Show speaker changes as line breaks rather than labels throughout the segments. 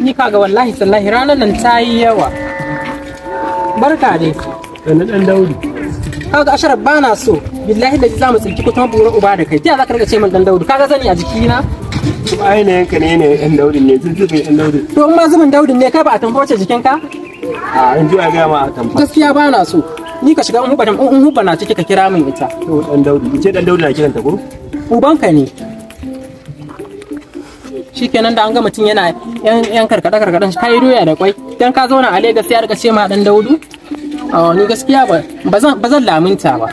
ni kaga wallahi sallahi ranar nan ta yi yawa barka ne sannan dan daudi kaga asharar ba na so billahi da za mu tsinki ko kuma burin uba da kai ta za ka rika ce min dan daudi kaga zani a jikina na ainihin ai ne ne dan Daudu ne zuzubin dan Daudu. to ma zubin Daudu ne kai ba a tambace jikinka a in ji a gaya ma a tambace gaskiya ba na so ni ka shiga in hubba na ciki ka kira min ita to dan daudi ce dan daudi na kiranta ko ka ne shikenan da an ga mutum yana yan karkada karkadan shi kai doya da kwai dan ka zauna a Lagos sai ka ce ma dan Daudu a ni gaskiya ba bazan bazan laminta ba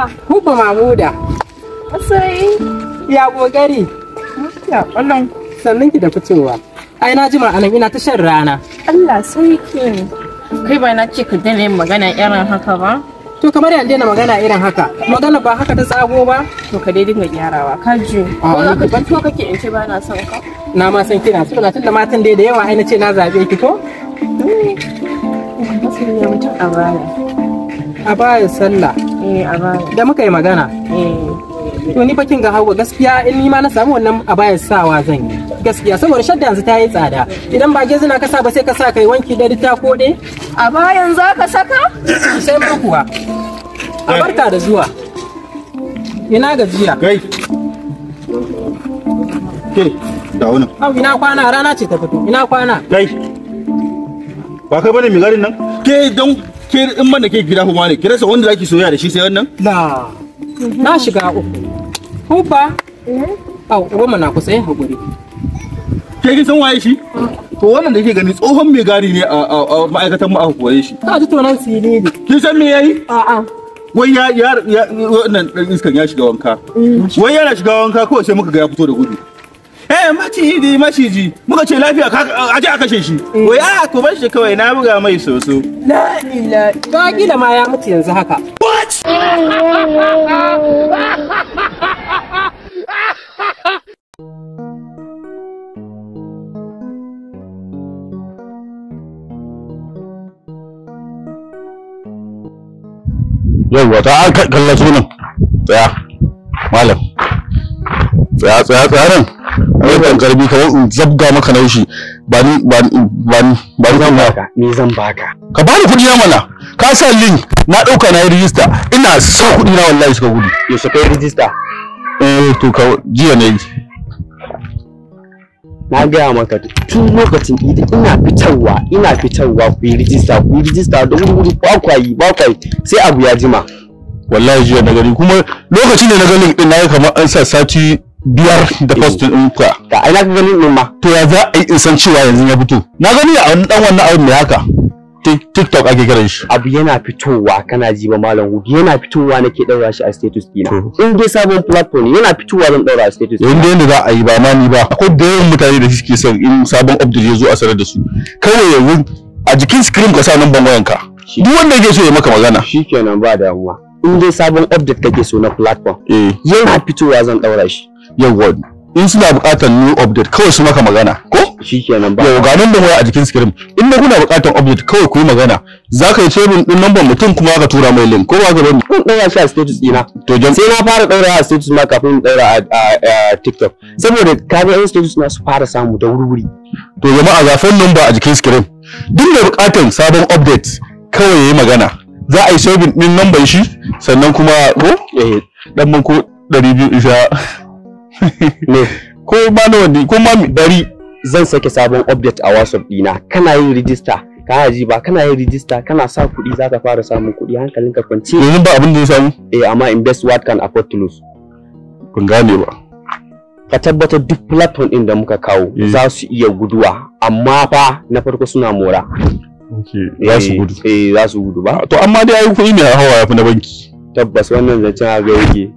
ah hubba mamuda asai ya gogari ya wannan sannan ki da fitowa ai na jima anan ina ta shan rana Allah sai ki kai ba na ce ka dane magana irin haka ba to kamar yanzu na magana irin haka magana ba haka ta tsago ba to ka dai dinga gyarawa ji ko za ka ban to kake in ce ba na son ka na ma san kina so na tunda matan dai da yawa ai na ce na zabe ki ko a baya. A baya sallah. Eh a baya. Da muka yi magana. Eh. to ni fakin ga hawa gaskiya in ni ma na samu wannan a sawa zan yi gaskiya saboda shadda yanzu ta yi tsada idan ba gezina ka sa ba sai ka sa kai wanki da ta kode a bayan za ka saka sai ba kuwa a barka da zuwa ina gajiya kai ke da wani au ina kwana rana ce ta fito ina kwana kai ba kai bane mi garin nan ke don ke in man da ke gida kuma ne ki rasa wanda zaki soyayya da shi sai wannan la na shiga uku hufa au roma na kusa yin eh, haƙuri ke kin san waye shi to wannan da ke gani tsohon mai gari ne a ma'aikatan mu aka koye shi ka ji tonan ne. kin san me yayi a'a wai ya ya wannan dan iskan ya shiga wanka mm. wai yana shiga wanka ko sai muka ga ya fito da gudu eh maciji maciji muka ce lafiya a aje a kashe shi mm. wai a ko bar shi kawai na buga mai soso la ilaha ka gida ma ya mutu yanzu haka
yauwa ta an kalla sunan tsaya malam tsaya tsaya tsaya nan wani karbi kamar in zabga maka naushi Bani bani ba zan baka ni zan baka ka bani kudi na mana ka sa link na ɗauka na yi rijista ina sa kudi na wallahi suka gudu yaushe kai rijista eh to ka jiya ne na gaya maka tun lokacin idan ina fitarwa ina fitarwa ku yi rijista ku yi rijista da wuri wuri ba ku yi ba ku yi sai abu ya jima wallahi jiya na gari. kuma lokacin da na ga link din nayi kamar an sa sati biyar da postin eh. din ka ga ina ka gani ma to ya za a yi in san cewa yanzu ya fito na gani a wani dan wannan abin mai haka TikTok ake kiran shi. Abu yana fitowa kana ji ba malam Hudu yana fitowa nake daura shi a status dina. In dai sabon platform yana fitowa zan daura a status. In dai yanda za a yi ba ma ni ba. Akwai da yawan mutane da suke son in sabon update ya zo a sanar da su. Kawai yanzu a jikin screen ka sa ban wayanka. Duk wanda yake so ya maka magana. Shikenan ba damuwa. In dai sabon update kake so na platform. Eh. Yana fitowa zan daura shi. Yawani in suna buƙatar new update kawai su maka magana ko shikenan ba ga nan da waya a jikin screen in na kuna buƙatar update kawai ku yi magana ka yi cebin din number mutum kuma ka tura mai link ko ba ka bani kun daura shi a status dina to jam sai na fara daura a status na kafin daura a TikTok saboda ka ga status na su fara samu da wuri to jama'a ga phone number a jikin screen duk da buƙatar sabon update kawai yayi magana za a yi cebin din number shi sannan kuma ko eh dan mun ko 200 isa ko ba na wani ko ma bari zan sake sabon update a WhatsApp dina kana yin register ka haji ba kana yin register kana sa kuɗi za ka fara samun kuɗi hankalin ka kwance yanzu ba abin da ya samu eh amma invest what can afford to lose kun gane ba ka tabbatar duk platform din da muka kawo eh. za su iya guduwa amma fa na farko suna mora za su eh, gudu eh za su gudu ba to amma dai ayi kuɗi ne a hawa yafi na banki tabbas wannan zancen a ga yake